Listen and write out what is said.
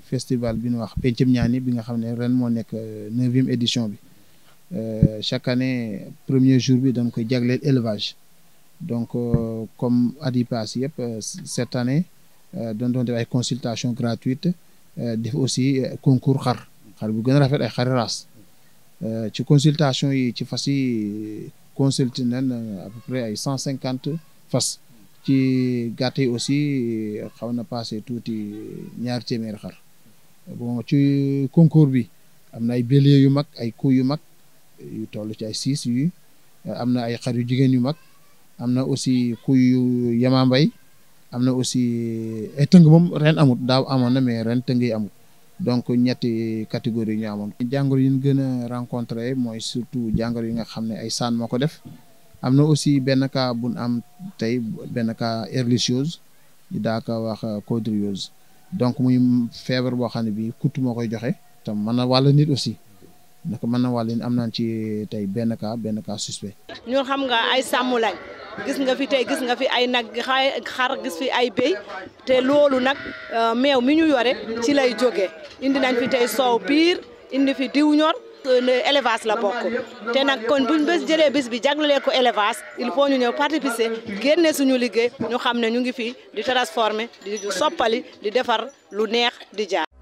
festival bi ñu wax pencum ñaani bi nga xam ne ren moo nekk euh, neuvième édition bi euh, chaque année premier jour bi dañ koy jagleel élevage donc euh, comme at yi passé yëpp cette année dañ doon def ay consultation gratuite def aussi concours xar xar bu gën a rafet ay xari raas ci consultation yi ci fas yi consulté nañ à peu près ay cent cinquante fas ci gàtt yi aussi euh, xaw na passé tuuti ñaar téeméeri xar bon ci concours bi am na ay bélier yu mag ay kuy yu mag yu toll ci ay six yu am na ay xar yu jigéen yu mag am na aussi kuy yu yamaambay am na aussi euh, ay tëng moom ren amut daaw amoon na mais ren tëng yi amut donc ñetti catégorie ñu amoon jàngoro yi ñu gën a rencontré mooy surtout jàngoro yi nga xam ne ay saan moo ko def am na aussi benn cas bu am tey benn ka ehrlichiose ñu ko wax euh, cowdriose donc muy feebar boo xam ne bi kuttu moo koy joxe tam mën na wàll nit aussi naka mën na wàll am na ci tey benn cas benn ka suspect ñun xam nga ay sàmm lañ gis nga fi tey gis nga fi ay nag xar gis fi ay béy te loolu nag euh, meew mi ñu yore ci lay jógee indi nañ fi tey soow piir indi fi diw ñor Euh, élevage la bokk te nag kon buñ bés jëlee bis bi jaglelee ko élevage il faut ñu ñëw parti participer génne suñu liggéey ñu xam ne ñu ngi fii di transformer di soppali di defar lu neex di jaar